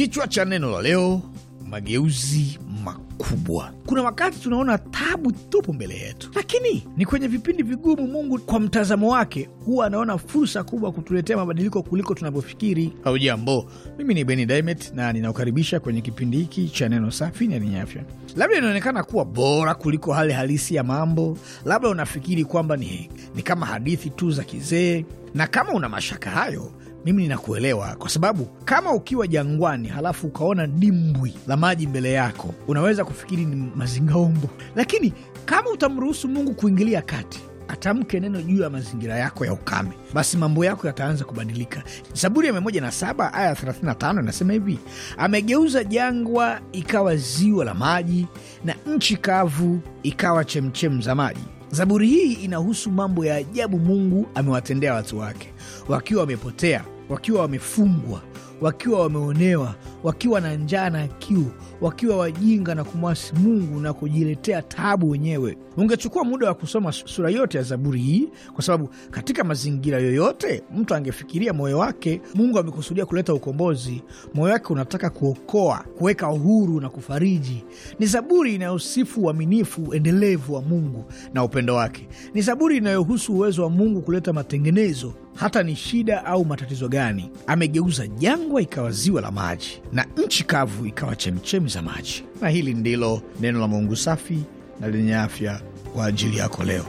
Kichwa cha neno la leo: mageuzi makubwa. Kuna wakati tunaona tabu tupo mbele yetu, lakini ni kwenye vipindi vigumu Mungu kwa mtazamo wake huwa anaona fursa kubwa kutuletea mabadiliko kuliko tunavyofikiri. jambo mimi ni Beni Dimet na ninakukaribisha kwenye kipindi hiki cha neno safi na lenye afya. Labda inaonekana kuwa bora kuliko hali halisi ya mambo, labda unafikiri kwamba ni, ni kama hadithi tu za kizee, na kama una mashaka hayo mimi ninakuelewa, kwa sababu kama ukiwa jangwani halafu ukaona dimbwi la maji mbele yako unaweza kufikiri ni mazingaombo, lakini kama utamruhusu Mungu kuingilia kati atamke neno juu ya mazingira yako ya ukame, basi mambo yako yataanza kubadilika. Zaburi ya mia na saba aya 35 inasema hivi: amegeuza jangwa ikawa ziwa la maji na nchi kavu ikawa chemchem za maji. Zaburi hii inahusu mambo ya ajabu Mungu amewatendea watu wake wakiwa wamepotea wakiwa wamefungwa, wakiwa wameonewa, wakiwa na njaa na kiu, wakiwa wajinga na kumwasi Mungu na kujiletea taabu wenyewe. Ungechukua muda wa kusoma sura yote ya Zaburi hii, kwa sababu katika mazingira yoyote mtu angefikiria moyo wake Mungu amekusudia kuleta ukombozi, moyo wake unataka kuokoa, kuweka uhuru na kufariji. Ni zaburi inayosifu uaminifu endelevu wa Mungu na upendo wake. Ni zaburi inayohusu uwezo wa Mungu kuleta matengenezo hata ni shida au matatizo gani. Amegeuza jangwa ikawa ziwa la maji na nchi kavu ikawa chemchemi za maji. Na hili ndilo neno la Mungu safi na lenye afya kwa ajili yako leo.